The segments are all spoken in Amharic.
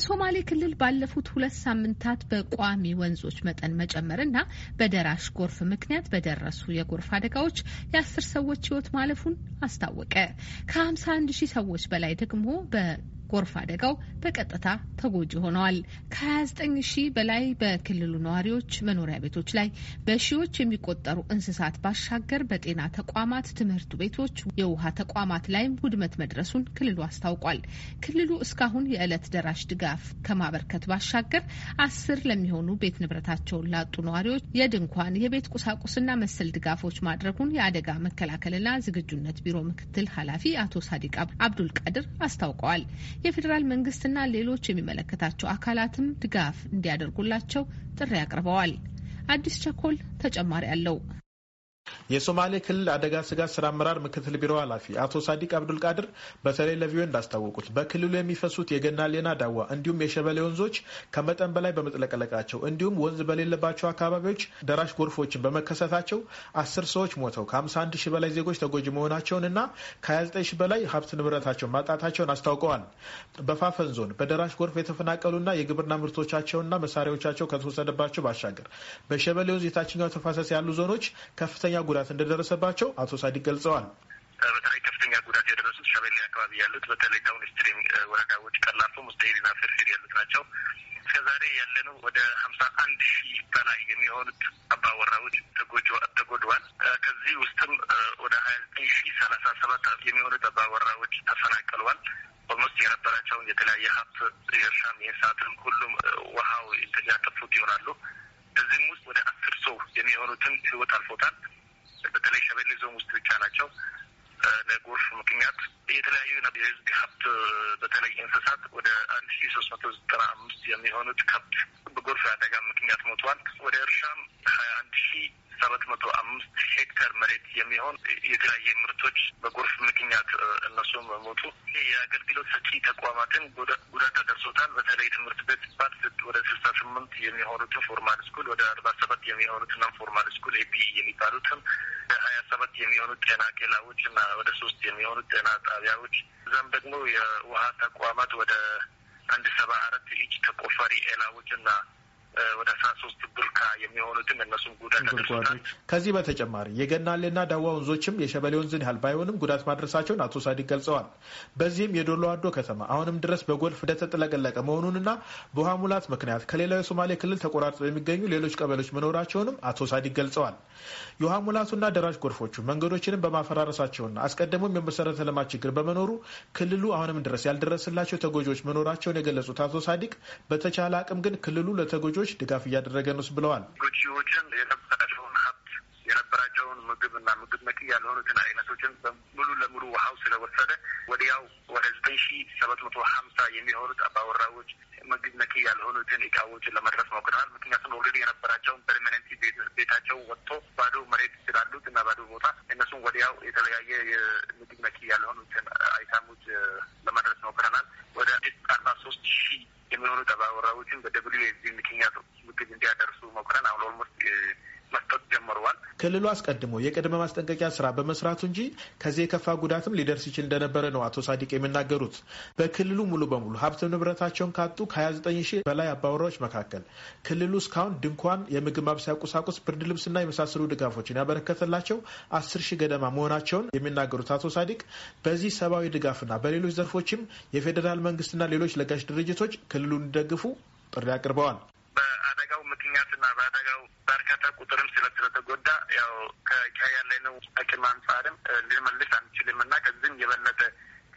በሶማሌ ክልል ባለፉት ሁለት ሳምንታት በቋሚ ወንዞች መጠን መጨመርና በደራሽ ጎርፍ ምክንያት በደረሱ የጎርፍ አደጋዎች የአስር ሰዎች ሕይወት ማለፉን አስታወቀ። ከ51 ሺህ ሰዎች በላይ ደግሞ ጎርፍ አደጋው በቀጥታ ተጎጂ ሆነዋል። ከ29 ሺህ በላይ በክልሉ ነዋሪዎች መኖሪያ ቤቶች ላይ በሺዎች የሚቆጠሩ እንስሳት ባሻገር በጤና ተቋማት፣ ትምህርት ቤቶች፣ የውሃ ተቋማት ላይም ውድመት መድረሱን ክልሉ አስታውቋል። ክልሉ እስካሁን የዕለት ደራሽ ድጋፍ ከማበርከት ባሻገር አስር ለሚሆኑ ቤት ንብረታቸውን ላጡ ነዋሪዎች የድንኳን የቤት ቁሳቁስና መሰል ድጋፎች ማድረጉን የአደጋ መከላከልና ዝግጁነት ቢሮ ምክትል ኃላፊ አቶ ሳዲቅ አብዱል ቃድር አስታውቀዋል። የፌዴራል መንግስትና ሌሎች የሚመለከታቸው አካላትም ድጋፍ እንዲያደርጉላቸው ጥሪ አቅርበዋል። አዲስ ቸኮል ተጨማሪ አለው። የሶማሌ ክልል አደጋ ስጋት ስራ አመራር ምክትል ቢሮ ኃላፊ አቶ ሳዲቅ አብዱልቃድር በተለይ ለቪዮ እንዳስታወቁት በክልሉ የሚፈሱት የገናሌና ዳዋ እንዲሁም የሸበሌ ወንዞች ከመጠን በላይ በመጥለቀለቃቸው እንዲሁም ወንዝ በሌለባቸው አካባቢዎች ደራሽ ጎርፎችን በመከሰታቸው አስር ሰዎች ሞተው ከ51 ሺ በላይ ዜጎች ተጎጂ እና ከ29 ሺህ በላይ ሀብት ንብረታቸውን ማጣታቸውን አስታውቀዋል። በፋፈን ዞን በደራሽ ጎርፍ የተፈናቀሉና የግብርና ምርቶቻቸውና መሳሪያዎቻቸው ከተወሰደባቸው ባሻገር በሸበሌ ወንዝ የታችኛው ተፋሰስ ያሉ ዞኖች ከፍተኛ ጉዳት ጉዳት እንደደረሰባቸው አቶ ሳዲቅ ገልጸዋል። በተለይ ከፍተኛ ጉዳት የደረሱት ሸበሌ አካባቢ ያሉት በተለይ ዳውን ስትሪም ወረዳዎች ቀላፎ፣ ሙስተሄድና ፍርፍር ያሉት ናቸው። እስከዛሬ ያለነው ወደ ሀምሳ አንድ ሺህ በላይ የሚሆኑት አባወራዎች ተጎድዋል። ከዚህ ውስጥም ወደ ሀያ ዘጠኝ ሺህ ሰላሳ ሰባት የሚሆኑት አባወራዎች ተፈናቀሏል። ኦልሞስት የነበራቸውን የተለያየ ሀብት የእርሻም የእንስሳትም ሁሉም ውሃው ያጠፉት ይሆናሉ። እዚህም ውስጥ ወደ አስር ሰው የሚሆኑትን ህይወት አልፎታል። በሌ ዞን ውስጥ ብቻ ናቸው። ለጎርፍ ምክንያት የተለያዩ የህዝብ ሀብት በተለይ እንስሳት ወደ አንድ ሺ ሶስት መቶ ዘጠና አምስት የሚሆኑት ከብት በጎርፍ አደጋ ምክንያት ሞቷል። ወደ እርሻም ሀያ አንድ ሺ ሰባት መቶ አምስት ሄክተር መሬት የሚሆን የተለያየ ምርቶች በጎርፍ ምክንያት እነሱም መሞቱ የአገልግሎት ሰጪ ተቋማትን ጉዳት አደርሶታል። በተለይ ትምህርት ቤት ባት ወደ ስልሳ ስምንት የሚሆኑትን ፎርማል ስኩል ወደ አርባ ሰባት የሚሆኑትን ፎርማል ስኩል ኤፒ የሚባሉትን ሀያ ሰባት የሚሆኑት ጤና ኬላዎች እና ወደ ሶስት የሚሆኑት ጤና ጣቢያዎች እዛም ደግሞ የውሃ ተቋማት ወደ አንድ ሰባ አራት ኢች ተቆፋሪ ኤላዎች እና ወደ አስራ ሶስት ቡልካ የሚሆኑትም እነሱም ጉዳት አድርሰዋል። ከዚህ በተጨማሪ የገናሌና ዳዋ ወንዞችም የሸበሌ ወንዝን ያህል ባይሆንም ጉዳት ማድረሳቸውን አቶ ሳዲቅ ገልጸዋል። በዚህም የዶሎ አዶ ከተማ አሁንም ድረስ በጎርፍ እንደተጥለቀለቀ መሆኑንና በውሃ ሙላት ምክንያት ከሌላው የሶማሌ ክልል ተቆራርጠው የሚገኙ ሌሎች ቀበሌዎች መኖራቸውንም አቶ ሳዲቅ ገልጸዋል። የውሃ ሙላቱና ደራሽ ጎርፎቹ መንገዶችንም በማፈራረሳቸውና አስቀድሞም የመሰረተ ልማት ችግር በመኖሩ ክልሉ አሁንም ድረስ ያልደረስላቸው ተጎጂዎች መኖራቸውን የገለጹት አቶ ሳዲቅ በተቻለ አቅም ግን ክልሉ ለተጎጂዎች ድርጅቶች ድጋፍ እያደረገ ነው ብለዋል። ጎጂዎችን የነበራቸውን ሀብት የነበራቸውን ምግብና ምግብ ነክ ያልሆኑትን አይነቶችን ሙሉ ለሙሉ ውሃው ስለወሰደ ወዲያው ወደ ዘጠኝ ሺ ሰባት መቶ ሀምሳ የሚሆኑት አባወራዎች ምግብ ነክ ያልሆኑትን እቃዎችን ለመድረስ ሞክረናል። ምክንያቱም ኦልሬዲ የነበራቸውን ፐርማነንት ቤታቸው ወጥቶ ባዶ መሬት ስላሉት እና ባዶ ቦታ እነሱም ወዲያው የተለያየ የምግብ ነክ ያልሆኑትን አይታሞች ለመድረስ ሞክረናል። ወደ አርባ ሶስት ሺህ የሚሆኑ ተባወራዎችን በደብሊዩ ኤፍ ፒ ነው ክልሉ አስቀድሞ የቅድመ ማስጠንቀቂያ ስራ በመስራቱ እንጂ ከዚህ የከፋ ጉዳትም ሊደርስ ይችል እንደነበረ ነው አቶ ሳዲቅ የሚናገሩት። በክልሉ ሙሉ በሙሉ ሀብት ንብረታቸውን ካጡ ከ29 ሺህ በላይ አባወራዎች መካከል ክልሉ እስካሁን ድንኳን፣ የምግብ ማብሰያ ቁሳቁስ፣ ብርድ ልብስና የመሳሰሉ ድጋፎችን ያበረከተላቸው አስር ሺህ ገደማ መሆናቸውን የሚናገሩት አቶ ሳዲቅ በዚህ ሰብአዊ ድጋፍና በሌሎች ዘርፎችም የፌዴራል መንግስትና ሌሎች ለጋሽ ድርጅቶች ክልሉን እንዲደግፉ ጥሪ አቅርበዋል። በርካታ ቁጥርም ስለተጎዳ ያው ያለነው ነው አቅም አንጻርም ልንመልስ አንችልም እና ከዚህም የበለጠ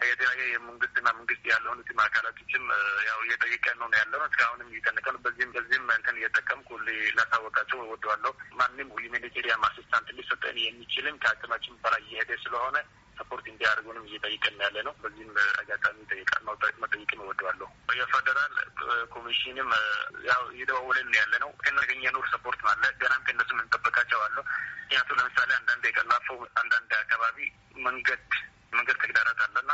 የተለያየ የመንግስትና መንግስት ያለውን ቲም አካላቶችም ያው እየጠየቀ ነው ያለው እስካሁንም እየጠነቀ ነው። በዚህም በዚህም መንትን እየጠቀምኩ ላሳወቃቸው ወደዋለሁ። ማንም ሁሊሜኔቴሪያ አሲስታንት ሊሰጠን የሚችልም ከአቅማችን በላይ እየሄደ ስለሆነ ሰፖርት እንዲያደርጉንም እየጠይቅን ያለ ነው። በዚህም አጋጣሚ ጠይቃል ማውጣት መጠይቅ እወደዋለሁ። የፌደራል ኮሚሽንም ያው እየደዋወለን ያለ ነው። ከናገኘ ኑር ሰፖርት አለ። ገናም ከነሱ የምንጠበቃቸው አለ። ምክንያቱ ለምሳሌ አንዳንድ የቀላፈው አንዳንድ አካባቢ መንገድ መንገድ ተግዳራት አለና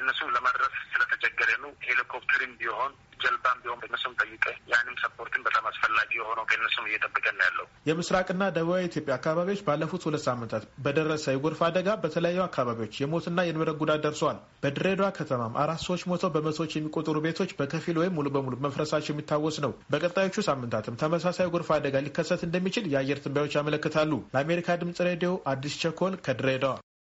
እነሱም ለማድረስ ስለተቸገረ ነው ሄሊኮፕተርም ቢሆን ጀልባም ቢሆን ከእነሱም ጠይቀ ያንም ሰፖርትን በጣም አስፈላጊ የሆነው ከነሱም እየጠብቀን ነው ያለው። የምስራቅና ደቡባዊ ኢትዮጵያ አካባቢዎች ባለፉት ሁለት ሳምንታት በደረሰ የጎርፍ አደጋ በተለያዩ አካባቢዎች የሞትና የንብረት ጉዳት ደርሰዋል። በድሬዳዋ ከተማም አራት ሰዎች ሞተው በመቶዎች የሚቆጠሩ ቤቶች በከፊል ወይም ሙሉ በሙሉ መፍረሳቸው የሚታወስ ነው። በቀጣዮቹ ሳምንታትም ተመሳሳይ ጎርፍ አደጋ ሊከሰት እንደሚችል የአየር ትንበያዎች ያመለክታሉ። ለአሜሪካ ድምጽ ሬዲዮ አዲስ ቸኮል ከድሬዳዋ